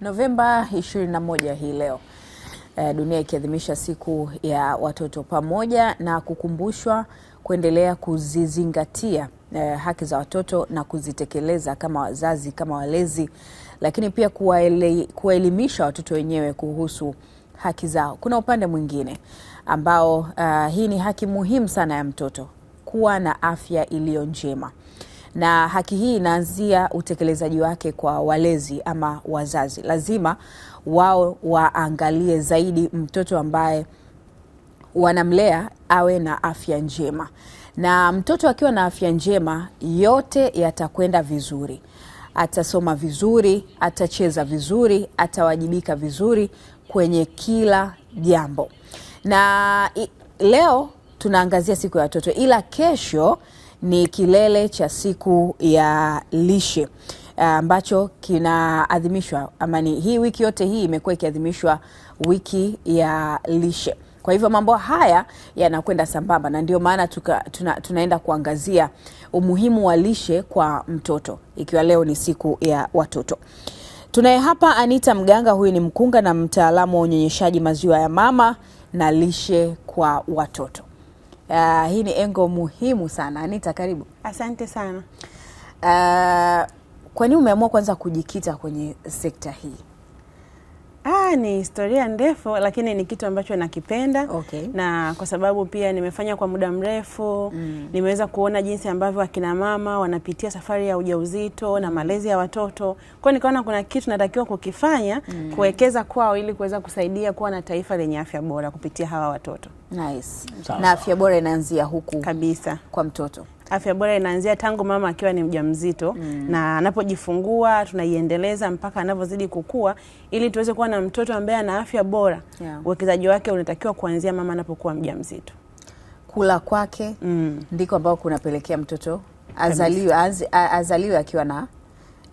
Novemba 21 hii leo e, dunia ikiadhimisha siku ya watoto pamoja na kukumbushwa kuendelea kuzizingatia e, haki za watoto na kuzitekeleza kama wazazi, kama walezi, lakini pia kuwaelimisha watoto wenyewe kuhusu haki zao. Kuna upande mwingine ambao uh, hii ni haki muhimu sana ya mtoto kuwa na afya iliyo njema na haki hii inaanzia utekelezaji wake kwa walezi ama wazazi. Lazima wao waangalie zaidi mtoto ambaye wanamlea awe na afya njema, na mtoto akiwa na afya njema, yote yatakwenda vizuri. Atasoma vizuri, atacheza vizuri, atawajibika vizuri kwenye kila jambo. Na i, leo tunaangazia siku ya watoto, ila kesho ni kilele cha siku ya lishe eh, ambacho kinaadhimishwa ama ni hii wiki yote hii imekuwa ikiadhimishwa wiki ya lishe kwa hivyo mambo haya yanakwenda sambamba na ndio maana tuna, tunaenda kuangazia umuhimu wa lishe kwa mtoto ikiwa leo ni siku ya watoto tunaye hapa anita mganga huyu ni mkunga na mtaalamu wa unyonyeshaji maziwa ya mama na lishe kwa watoto Uh, hii ni engo muhimu sana. Anita, karibu. Asante sana. Uh, kwa nini umeamua kwanza kujikita kwenye sekta hii? Ah, ni historia ndefu lakini ni kitu ambacho nakipenda. Okay. Na kwa sababu pia nimefanya kwa muda mrefu mm. Nimeweza kuona jinsi ambavyo akina mama wanapitia safari ya ujauzito na mm. malezi ya watoto, kwa nikaona kuna kitu natakiwa kukifanya mm. kuwekeza kwao ili kuweza kusaidia kuwa na taifa lenye afya bora kupitia hawa watoto. Nice. Na afya bora inaanzia huku kabisa kwa mtoto. Afya bora inaanzia tangu mama akiwa ni mjamzito mm. na anapojifungua tunaiendeleza mpaka anavyozidi kukua, ili tuweze kuwa na mtoto ambaye ana afya bora yeah. Uwekezaji wake unatakiwa kuanzia mama anapokuwa mjamzito. Kula kwake mm. ndiko ambao kunapelekea mtoto azaliwe az, azaliwe akiwa na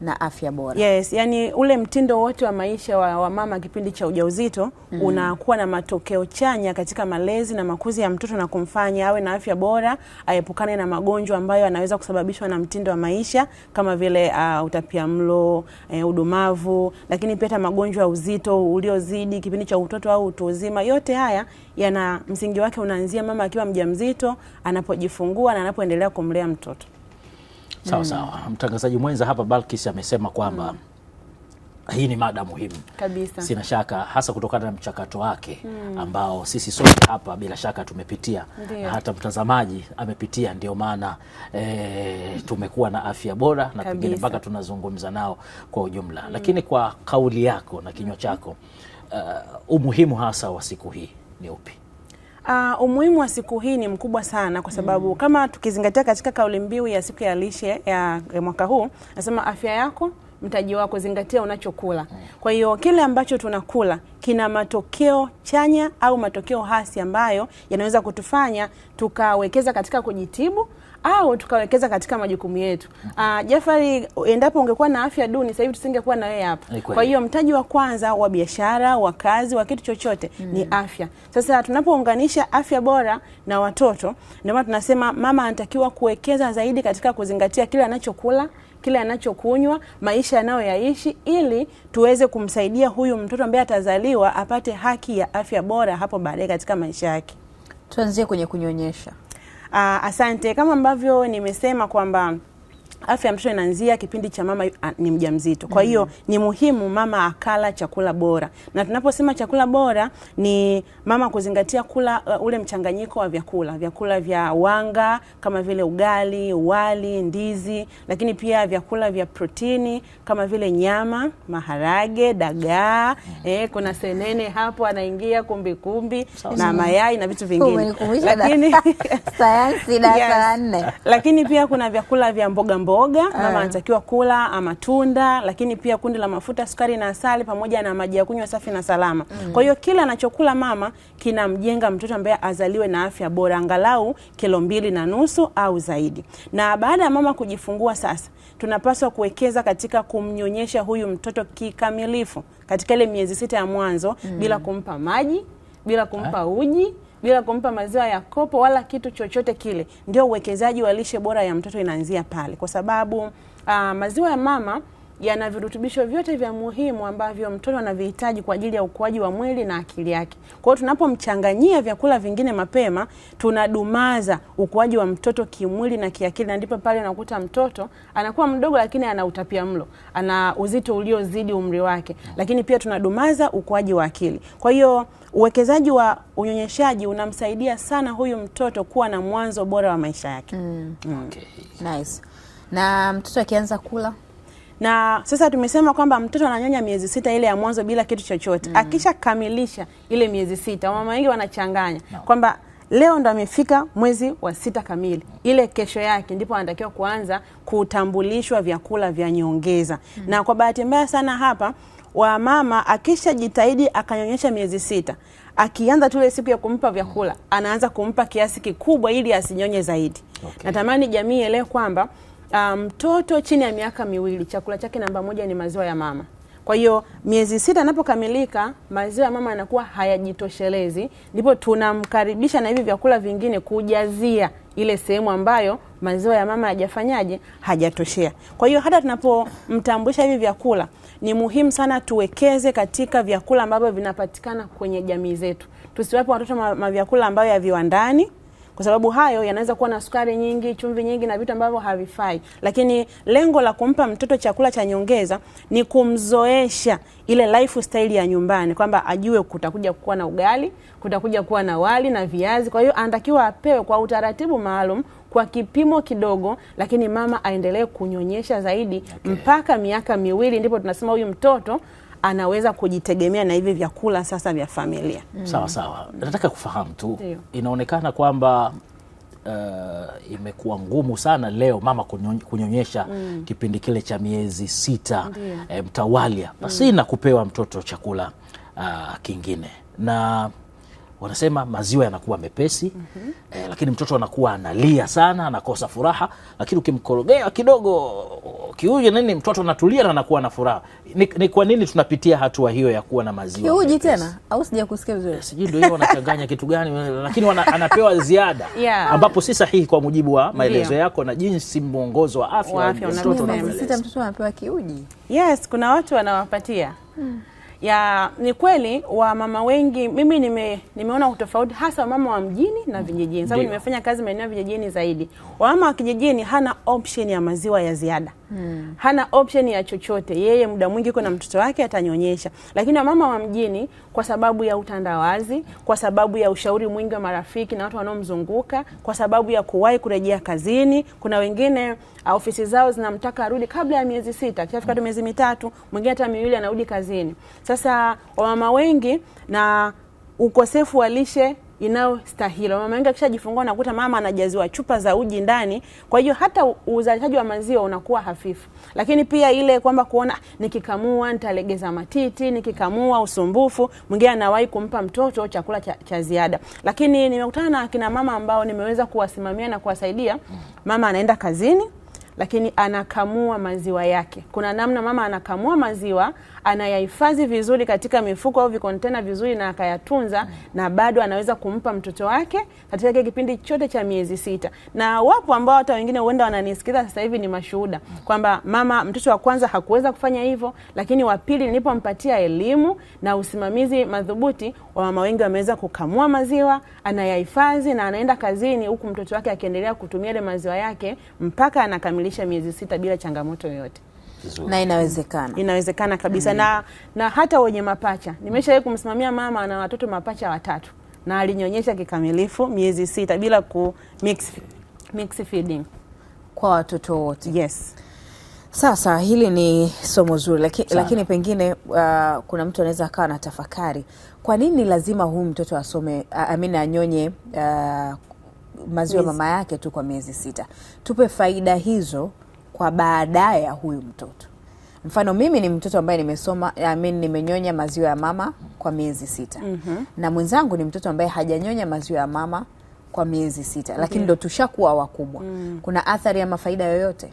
na afya bora. Yes, yani ule mtindo wote wa maisha wa, wa mama kipindi cha ujauzito mm. unakuwa na matokeo chanya katika malezi na makuzi ya mtoto na kumfanya awe na afya bora, aepukane na magonjwa ambayo anaweza kusababishwa na mtindo wa maisha kama vile uh, utapiamlo, uh, udumavu, lakini pia hata magonjwa ya uzito uliozidi kipindi cha utoto au utu uzima. Yote haya yana msingi wake unaanzia mama akiwa mjamzito, anapojifungua na anapoendelea kumlea mtoto sawa mm. sawa. Mtangazaji mwenza hapa Balkis amesema kwamba mm. Hii ni mada muhimu kabisa, sina shaka, hasa kutokana na mchakato wake mm. ambao sisi sote hapa bila shaka tumepitia Ndiyo. na hata mtazamaji amepitia, ndio maana e, tumekuwa na afya bora na pengine mpaka tunazungumza nao kwa ujumla mm. Lakini kwa kauli yako na kinywa chako, uh, umuhimu hasa wa siku hii ni upi? Uh, umuhimu wa siku hii ni mkubwa sana kwa sababu mm. kama tukizingatia katika kauli mbiu ya siku ya lishe ya, ya mwaka huu nasema afya yako mtaji wako, zingatia unachokula. Mm. Kwa hiyo kile ambacho tunakula kina matokeo chanya au matokeo hasi ambayo yanaweza kutufanya tukawekeza katika kujitibu au tukawekeza katika majukumu yetu. Uh, Jafari, endapo ungekuwa na afya duni sasa hivi tusingekuwa na wewe hapa. Kwa hiyo mtaji wa kwanza wa biashara, wa kazi, wa kitu chochote mm. ni afya. Sasa tunapounganisha afya bora na watoto, ndio maana tunasema mama anatakiwa kuwekeza zaidi katika kuzingatia kile anachokula kile anachokunywa, maisha anayoyaishi, ili tuweze kumsaidia huyu mtoto ambaye atazaliwa apate haki ya afya bora hapo baadaye katika maisha yake. Tuanzie kwenye kunyonyesha. Ah, asante, kama ambavyo nimesema kwamba afya ya mtoto inaanzia kipindi cha mama ah, ni mjamzito. Kwa hiyo mm. ni muhimu mama akala chakula bora, na tunaposema chakula bora ni mama kuzingatia kula uh, ule mchanganyiko wa vyakula, vyakula vya wanga kama vile ugali, wali, ndizi, lakini pia vyakula vya protini kama vile nyama, maharage, dagaa mm. eh, kuna senene hapo anaingia kumbikumbi kumbi, na mayai na vitu vingine lakini, sayansi darasa la nne, lakini pia kuna vyakula vya mboga mboga mboga eh. Ae. anatakiwa kula amatunda, ah, lakini pia kundi la mafuta, sukari na asali pamoja na maji ya kunywa safi na salama mm. Kwa hiyo kila anachokula mama kinamjenga mtoto ambaye azaliwe na afya bora, angalau kilo mbili na nusu au zaidi. Na baada ya mama kujifungua, sasa tunapaswa kuwekeza katika kumnyonyesha huyu mtoto kikamilifu katika ile miezi sita ya mwanzo mm. bila kumpa maji bila kumpa eh. uji bila kumpa maziwa ya kopo wala kitu chochote kile, ndio uwekezaji wa lishe bora ya mtoto inaanzia pale, kwa sababu uh, maziwa ya mama yana virutubisho vyote vya muhimu ambavyo mtoto anavihitaji kwa ajili ya ukuaji wa mwili na akili yake. Kwa hiyo tunapomchanganyia vyakula vingine mapema, tunadumaza ukuaji wa mtoto kimwili na kiakili, na ndipo pale unakuta mtoto anakuwa mdogo, lakini ana utapia mlo, ana uzito uliozidi umri wake, lakini pia tunadumaza ukuaji wa akili. Kwa hiyo uwekezaji wa unyonyeshaji unamsaidia sana huyu mtoto kuwa na mwanzo bora wa maisha yake. Mm. Mm. Okay. Nice. Na mtoto akianza kula na sasa tumesema kwamba mtoto ananyonya miezi sita ile ya mwanzo bila kitu chochote mm. Akishakamilisha ile miezi sita, mama wengi wanachanganya no. kwamba leo ndo amefika mwezi wa sita kamili, ile kesho yake ndipo anatakiwa kuanza kutambulishwa vyakula vya nyongeza mm. na kwa bahati mbaya sana hapa wamama akishajitahidi akanyonyesha miezi sita, akianza tu ile siku ya kumpa vyakula, anaanza kumpa kiasi kikubwa ili asinyonye zaidi okay. Natamani jamii elewe kwamba Um, mtoto um, chini ya miaka miwili chakula chake namba moja ni maziwa ya mama. Kwa hiyo miezi sita anapokamilika, maziwa ya mama yanakuwa hayajitoshelezi, ndipo tunamkaribisha na hivi vyakula vingine kujazia ile sehemu ambayo maziwa ya mama hajafanyaje, hajatoshea. Kwa hiyo hata tunapomtambulisha hivi vyakula, ni muhimu sana tuwekeze katika vyakula ambavyo vinapatikana kwenye jamii zetu, tusiwape watoto mavyakula ambayo ya viwandani kwa sababu hayo yanaweza kuwa na sukari nyingi, chumvi nyingi na vitu ambavyo havifai. Lakini lengo la kumpa mtoto chakula cha nyongeza ni kumzoesha ile lifestyle ya nyumbani, kwamba ajue kutakuja kuwa na ugali, kutakuja kuwa na wali na viazi. Kwa hiyo anatakiwa apewe kwa utaratibu maalum kwa kipimo kidogo, lakini mama aendelee kunyonyesha zaidi okay, mpaka miaka miwili ndipo tunasema huyu mtoto anaweza kujitegemea na hivi vyakula sasa vya familia. mm. Sawa sawa, nataka kufahamu tu Diyo. Inaonekana kwamba uh, imekuwa ngumu sana leo mama kunyonyesha mm. kipindi kile cha miezi sita eh, mtawalia pasina mm. kupewa mtoto chakula uh, kingine na wanasema maziwa yanakuwa mepesi mm -hmm. eh, lakini mtoto anakuwa analia sana, anakosa furaha, lakini ukimkorogea kidogo kiuji nini, mtoto anatulia na anakuwa na furaha. Ni, ni kwa nini tunapitia hatua hiyo ya kuwa na maziwa kiuji tena, au sijakusikia vizuri eh, sijui ndio hiyo wanachanganya kitu gani, lakini wana, anapewa ziada yeah. ambapo si sahihi kwa mujibu wa maelezo yako na jinsi mwongozo wa afya wa mtoto. Mtoto anapewa kiuji. Yes, kuna watu wanawapatia hmm ya ni kweli wamama wengi, mimi nime, nimeona utofauti hasa wamama wa mjini na vijijini, sababu nimefanya kazi maeneo ya vijijini zaidi. Wamama wa kijijini hana option ya maziwa ya ziada hmm. hana option ya chochote, yeye muda mwingi iko na mtoto wake atanyonyesha. Lakini wamama wa mjini, kwa sababu ya utandawazi, kwa sababu ya ushauri mwingi wa marafiki na watu wanaomzunguka, kwa sababu ya kuwahi kurejea kazini, kuna wengine ah, ofisi zao zinamtaka arudi kabla ya miezi sita, kishafika tu miezi mitatu, mwingine hata miwili, anarudi kazini. Sasa wamama wengi na ukosefu wa lishe inayostahili. Mama wengi akishajifungua anakuta mama anajaziwa chupa za uji ndani, kwa hiyo hata uzalishaji wa maziwa unakuwa hafifu. Lakini pia ile kwamba kuona nikikamua nitalegeza matiti, nikikamua usumbufu mwingine, anawahi kumpa mtoto chakula cha, cha ziada. Lakini nimekutana na akina mama ambao nimeweza kuwasimamia na kuwasaidia. Mama anaenda kazini, lakini anakamua maziwa yake. Kuna namna mama anakamua maziwa anayahifadhi vizuri katika mifuko au vikontena vizuri na akayatunza mm. na bado anaweza kumpa mtoto wake katika kile kipindi chote cha miezi sita. Na wapo ambao hata wengine huenda wananisikiza sasa hivi ni mashuhuda mm. kwamba mama, mtoto wa kwanza hakuweza kufanya hivyo, lakini wa pili nilipompatia elimu na usimamizi madhubuti, wa mama wengi wameweza kukamua maziwa, anayahifadhi na anaenda kazini, huku mtoto wake akiendelea kutumia ile maziwa yake mpaka anakamilisha miezi sita bila changamoto yoyote vizuri. Na inawezekana, inawezekana kabisa mm. na, na hata wenye mapacha nimeshawahi kumsimamia mama ana watoto mapacha watatu na alinyonyesha kikamilifu miezi sita bila ku mix, mix feeding kwa watoto wote. Yes. Sasa hili ni somo zuri laki, lakini pengine uh, kuna mtu anaweza akawa na tafakari, kwa nini lazima huyu mtoto asome uh, amina anyonye uh, maziwa mama yake tu kwa miezi sita? Tupe faida hizo kwa baadaye ya huyu mtoto. Mfano, mimi ni mtoto ambaye nimesoma I mean, nimenyonya maziwa ya mama kwa miezi sita mm -hmm. na mwenzangu ni mtoto ambaye hajanyonya maziwa ya mama kwa miezi sita, lakini ndo yeah. tushakuwa wakubwa mm. kuna athari ama faida yoyote?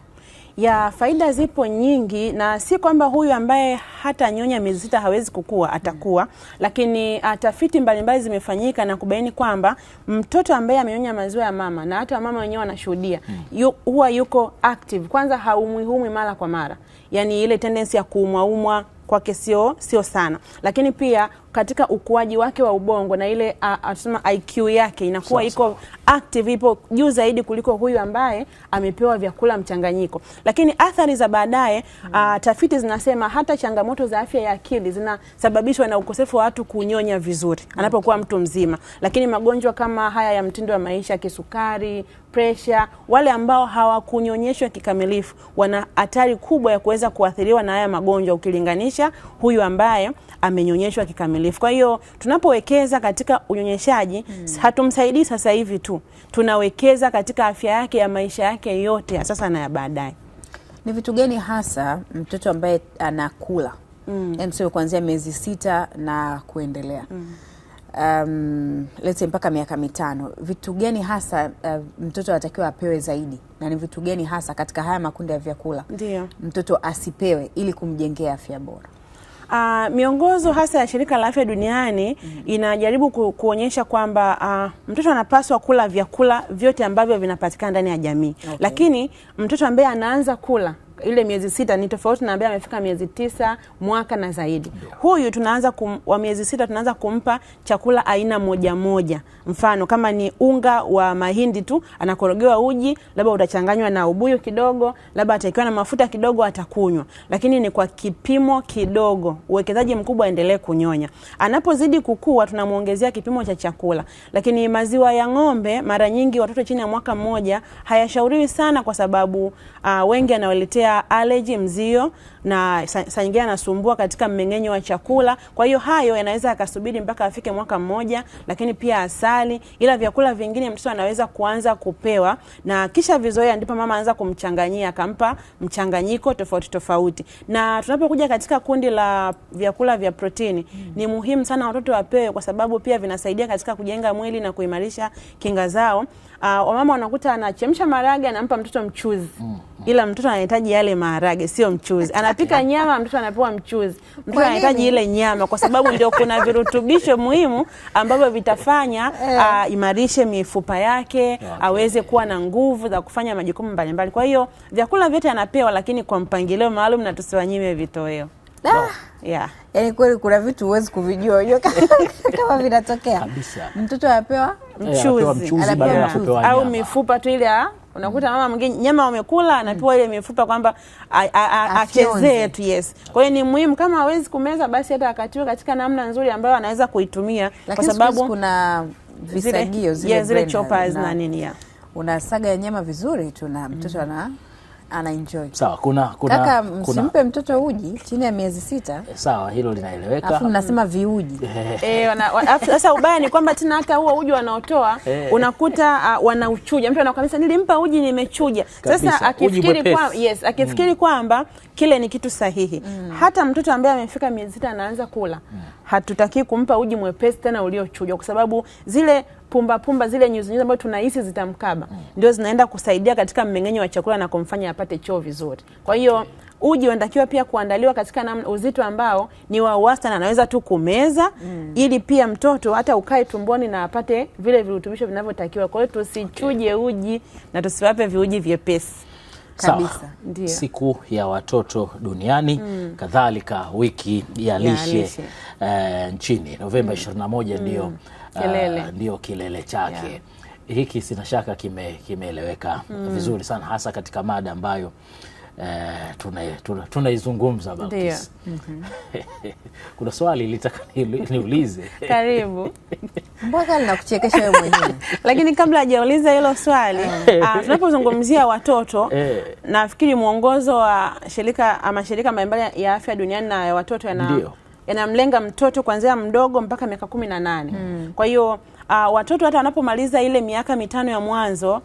ya faida zipo nyingi, na si kwamba huyu ambaye hata nyonya miezi sita hawezi kukua atakuwa, lakini ah, tafiti mbalimbali zimefanyika na kubaini kwamba mtoto ambaye amenyonya maziwa ya mama na hata mama wenyewe wanashuhudia hmm. huwa yuko active. Kwanza humwi mara kwa mara, yani ile tendensi ya kuumwaumwa kwake sio sio sana, lakini pia katika ukuaji wake wa ubongo na ile anasema IQ yake inakuwa iko active, ipo juu zaidi kuliko huyu ambaye amepewa vyakula mchanganyiko. Lakini athari za baadaye mm. tafiti zinasema hata changamoto za afya ya akili zinasababishwa na ukosefu wa watu kunyonya vizuri hmm. anapokuwa mtu mzima, lakini magonjwa kama haya ya mtindo wa maisha, kisukari presha, wale ambao hawakunyonyeshwa kikamilifu wana hatari kubwa ya kuweza kuathiriwa na haya magonjwa ukilinganisha huyu ambaye amenyonyeshwa kikamilifu ukamilifu. Kwa hiyo tunapowekeza katika unyonyeshaji mm. hatumsaidii sasa hivi tu, tunawekeza katika afya yake ya maisha yake yote ya sasa na ya baadaye. Ni vitu gani hasa mtoto ambaye anakula mm. kuanzia miezi sita na kuendelea mm. Um, lete mpaka miaka mitano, vitu gani hasa uh, mtoto anatakiwa apewe zaidi, na ni vitu gani hasa katika haya makundi ya vyakula mtoto asipewe ili kumjengea afya bora? Uh, miongozo hasa ya shirika la afya duniani mm -hmm. inajaribu ku, kuonyesha kwamba uh, mtoto anapaswa kula vyakula vyote ambavyo vinapatikana ndani ya jamii okay. Lakini mtoto ambaye anaanza kula ile miezi sita ni tofauti na ambaye amefika miezi tisa mwaka na zaidi yeah. Huyu tunaanza kum, wa miezi sita tunaanza kumpa chakula aina moja moja, mfano kama ni unga wa mahindi tu anakorogewa uji, labda utachanganywa na ubuyu kidogo, labda atakiwa na mafuta kidogo, atakunywa, lakini ni kwa kipimo kidogo. Uwekezaji mkubwa endelee kunyonya. Anapozidi kukua, tunamwongezea kipimo cha chakula. Lakini maziwa ya ng'ombe, mara nyingi watoto chini ya mwaka mmoja hayashauriwi sana, kwa sababu uh, wengi anaoletea kumletea allergy mzio, na saa nyingine anasumbua katika mmeng'enyo wa chakula. Kwa hiyo hayo yanaweza akasubiri mpaka afike mwaka mmoja, lakini pia asali, ila vyakula vingine mtoto anaweza kuanza kupewa na kisha vizoea, ndipo mama anaanza kumchanganyia, akampa mchanganyiko tofauti tofauti. Na tunapokuja katika kundi la vyakula vya protini mm. ni muhimu sana watoto wapewe, kwa sababu pia vinasaidia katika kujenga mwili na kuimarisha kinga zao. Uh, wamama wanakuta anachemsha maharage anampa mtoto mchuzi mm. ila mtoto anahitaji yale maharage, sio mchuzi. Anapika nyama, mtoto anapewa mchuzi. Mtoto anahitaji ile nyama, kwa sababu ndio kuna virutubisho muhimu ambavyo vitafanya uh, imarishe mifupa yake ah, aweze kuwa na nguvu za kufanya majukumu mbalimbali. Kwa hiyo vyakula vyote anapewa, lakini kwa mpangilio maalum na tusiwanyime vitoweo. Ah. No. Yeah. Yaani kweli kuna vitu huwezi kuvijua unajua kama vinatokea. Kabisa. Mtoto anapewa eh, mchuzi, anapewa mchuzi au mifupa tu ile ya unakuta mama mwingine nyama wamekula anapewa ile mifupa kwamba achezee tu. Yes, kwa hiyo ni muhimu, kama hawezi kumeza basi hata akatiwe katika namna nzuri ambayo anaweza kuitumia, kwa sababu kuna visagio zile, zile, zile choppers na nini ya unasaga ya nyama vizuri tu na mtoto mm. ana anaenjoy. Sawa, kuna kuna kaka, msimpe mtoto uji chini ya miezi sita. Sawa, hilo linaeleweka. afu mnasema viuji. Eh, eh sasa ubaya ni kwamba tena hata huo uji wanaotoa eh. unakuta uh, wanauchuja. Mtu anakuwa kabisa nilimpa uji nimechuja. Sasa akifikiri kwa yes, akifikiri mm. kwamba kile ni kitu sahihi. Mm. Hata mtoto ambaye amefika miezi sita anaanza kula. Mm. Hatutaki kumpa uji mwepesi tena uliochujwa kwa sababu zile pumba pumba zile nyuzi ambazo tunahisi zitamkaba mm. ndio zinaenda kusaidia katika mmeng'enyo wa chakula na kumfanya apate choo vizuri. Kwa hiyo uji unatakiwa pia kuandaliwa katika namna uzito ambao ni wa wastani, anaweza tu kumeza mm. ili pia mtoto hata ukae tumboni na apate vile virutubisho vinavyotakiwa. Kwa hiyo tusichuje okay. uji na tusiwape viuji vyepesi. Sawa. Siku ya watoto duniani mm. kadhalika wiki ya lishe, ya lishe. Uh, nchini Novemba mm. 21 ndio mm uh, ndio kilele chake yeah. Hiki sina shaka kimeeleweka kime mm. vizuri sana hasa katika mada ambayo uh, eh, tunaizungumza tuna, tuna mm -hmm. kuna swali litaka niulize karibu mpaka linakuchekesha wewe mwenyewe lakini kabla hajauliza hilo swali uh, tunapozungumzia watoto eh. nafikiri mwongozo wa shirika ama shirika mbalimbali ya afya duniani na watoto yana yanamlenga mtoto kuanzia mdogo mpaka miaka kumi na nane. Mm. Kwa hiyo uh, watoto hata wanapomaliza ile miaka mitano ya mwanzo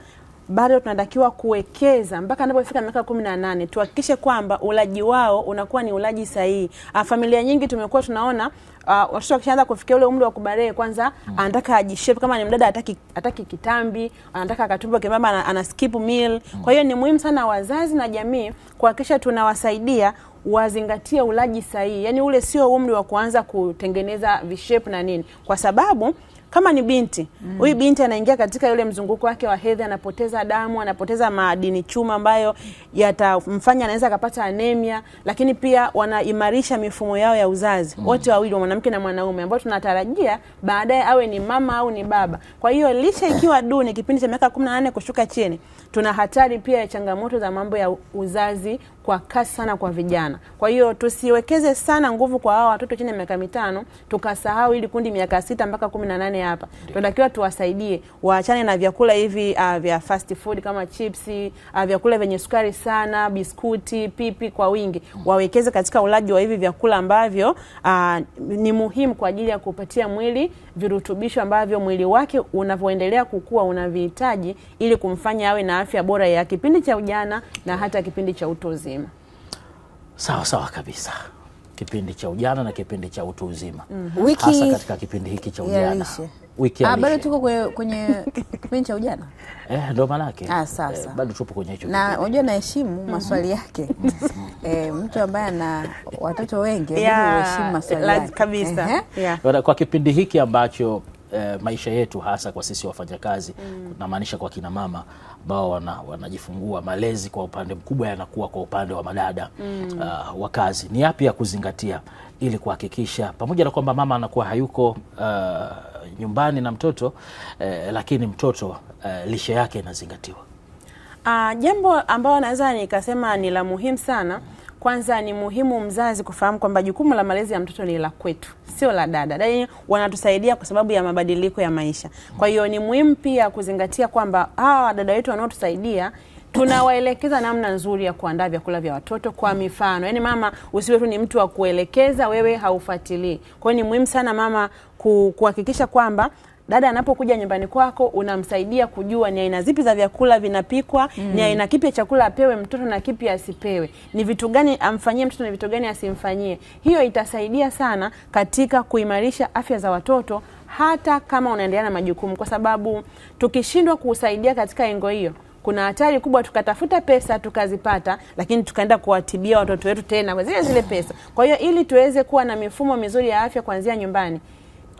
bado tunatakiwa kuwekeza mpaka anapofika miaka kumi na nane tuhakikishe kwamba ulaji wao unakuwa ni ulaji sahihi. Ah, familia nyingi tumekuwa tunaona ah, watoto wakishaanza kufikia ule umri wa kubalee, kwanza mm. anataka ajishepu, kama ni mdada ataki ataki kitambi, anataka akatumbo kembamba, anaskip meal. Mm. Kwa hiyo ni muhimu sana wazazi na jamii kuhakikisha tunawasaidia wazingatie ulaji sahihi, yaani ule sio umri wa kuanza kutengeneza vishepu na nini, kwa sababu kama ni binti mm. huyu mm. binti anaingia katika yule mzunguko wake wa hedhi, anapoteza damu, anapoteza madini chuma ambayo yatamfanya anaweza akapata anemia, lakini pia wanaimarisha mifumo yao ya uzazi mm. wote wawili, mwanamke na mwanaume, ambao tunatarajia baadaye awe ni mama au ni baba. Kwa hiyo lishe ikiwa duni kipindi cha miaka 18 kushuka chini, tuna hatari pia ya changamoto za mambo ya uzazi kwa kasi sana kwa vijana. Kwa hiyo tusiwekeze sana nguvu kwa hawa watoto chini ya miaka mitano tukasahau ili kundi miaka sita mpaka kumi na nane hapa tunatakiwa tuwasaidie waachane na vyakula hivi uh, vya fast food kama chipsi uh, vyakula vyenye sukari sana, biskuti, pipi kwa wingi, wawekeze katika ulaji wa hivi vyakula ambavyo uh, ni muhimu kwa ajili ya kupatia mwili virutubisho ambavyo mwili wake unavyoendelea kukua unavihitaji ili kumfanya awe na afya bora ya kipindi cha ujana na hata kipindi cha utu uzima. Sawa sawa kabisa, kipindi cha ujana na kipindi cha utu uzima mm -hmm. Wiki... hasa katika kipindi hiki cha ujana wiki ya ah, bado tuko kwenye, kwenye kipindi cha ujana eh, ndo manake ah, sasa eh, bado tupo kwenye hicho, na unajua naheshimu mm -hmm. maswali yake eh, mtu ambaye ana watoto wengi yeah, heshimu maswali yake kabisa eh, yeah. Kwa kipindi hiki ambacho eh, maisha yetu hasa kwa sisi wafanyakazi mm. namaanisha kwa kina mama ambao wanajifungua, wana malezi kwa upande mkubwa yanakuwa kwa upande wa madada mm. uh, wa kazi, ni yapi ya kuzingatia ili kuhakikisha pamoja na kwamba mama anakuwa hayuko uh, nyumbani na mtoto eh, lakini mtoto uh, lishe yake inazingatiwa. Uh, jambo ambalo naweza nikasema ni la muhimu sana. Kwanza ni muhimu mzazi kufahamu kwamba jukumu la malezi ya mtoto ni la kwetu, sio la dada. Dada wanatusaidia kwa sababu ya mabadiliko ya maisha. Kwa hiyo ni muhimu pia kuzingatia kwamba hawa wadada wetu wanaotusaidia tunawaelekeza namna nzuri ya kuandaa vyakula vya watoto kwa mifano. Yaani mama, usiwe tu ni mtu wa kuelekeza, wewe haufuatilii. Kwa hiyo ni muhimu sana mama kuhakikisha kwamba dada anapokuja nyumbani kwako unamsaidia kujua ni aina zipi za vyakula vinapikwa mm. ni aina kipi ya chakula apewe mtoto na kipi asipewe, ni vitu gani amfanyie mtoto na vitu gani asimfanyie. Hiyo itasaidia sana katika kuimarisha afya za watoto hata kama unaendelea na majukumu, kwa sababu tukishindwa kusaidia katika engo hiyo kuna hatari kubwa tukatafuta pesa tukazipata, lakini tukaenda kuwatibia watoto wetu tena kwa zile zile pesa. Kwa hiyo ili tuweze kuwa na mifumo mizuri ya afya kuanzia nyumbani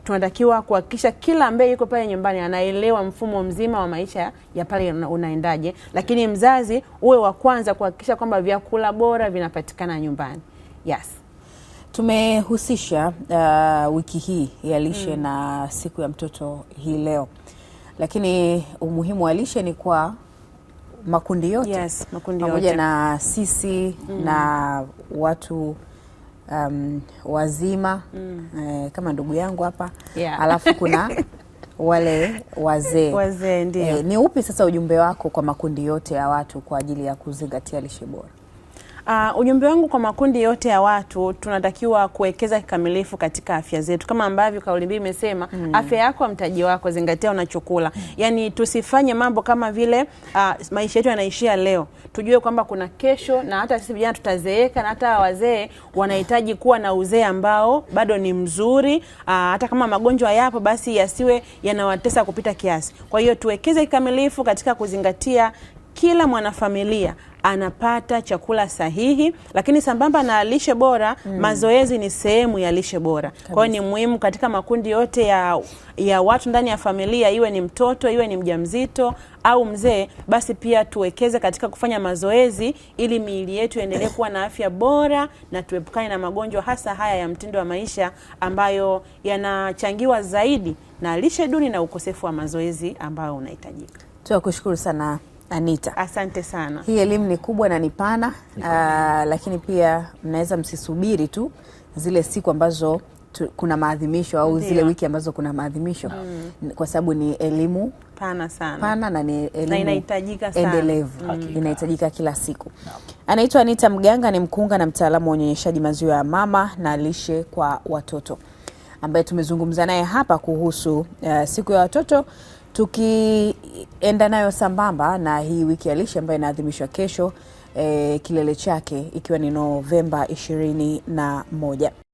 tunatakiwa kuhakikisha kila ambaye yuko pale nyumbani anaelewa mfumo mzima wa maisha ya pale unaendaje, lakini mzazi uwe wa kwanza kuhakikisha kwamba vyakula bora vinapatikana nyumbani. Yes. Tumehusisha uh, wiki hii ya lishe mm. na siku ya mtoto hii leo, lakini umuhimu wa lishe ni kwa makundi yote, yes, makundi yote pamoja na sisi mm. na watu um, wazima mm. eh, kama ndugu yangu hapa yeah. Alafu kuna wale wazee wazee, ndio eh, ni upi sasa ujumbe wako kwa makundi yote ya watu kwa ajili ya kuzingatia lishe bora? Uh, ujumbe wangu kwa makundi yote ya watu, tunatakiwa kuwekeza kikamilifu katika afya zetu, kama ambavyo kauli mbiu imesema mm. afya yako mtaji wako, zingatia unachokula. Hmm. Yani tusifanye mambo kama vile uh, maisha yetu yanaishia leo, tujue kwamba kuna kesho, na hata sisi vijana tutazeeka, na hata wazee wanahitaji kuwa na uzee ambao bado ni mzuri. Uh, hata kama magonjwa yapo, basi yasiwe yanawatesa kupita kiasi. Kwa hiyo tuwekeze kikamilifu katika kuzingatia kila mwanafamilia anapata chakula sahihi, lakini sambamba na lishe bora mm. mazoezi ni sehemu ya lishe bora. Kwa hiyo ni muhimu katika makundi yote ya, ya watu ndani ya familia, iwe ni mtoto, iwe ni mjamzito au mzee, basi pia tuwekeze katika kufanya mazoezi ili miili yetu iendelee kuwa na afya bora na tuepukane na magonjwa hasa haya ya mtindo wa maisha ambayo yanachangiwa zaidi na lishe duni na ukosefu wa mazoezi ambayo unahitajika. Tuwakushukuru sana Anita, asante sana. Hii elimu ni kubwa na ni pana ah, lakini pia mnaweza msisubiri tu zile siku ambazo tu, kuna maadhimisho au Ndiyo. zile wiki ambazo kuna maadhimisho mm. kwa sababu ni elimu pana sana, pana na ni elimu inahitajika sana, endelevu mm. inahitajika kila siku Anaitwa Anita Mganga, ni mkunga na mtaalamu wa unyonyeshaji maziwa ya mama na lishe kwa watoto ambaye tumezungumza naye hapa kuhusu uh, siku ya watoto tukienda nayo sambamba na hii wiki ya lishe ambayo inaadhimishwa kesho eh, kilele chake ikiwa ni novemba 21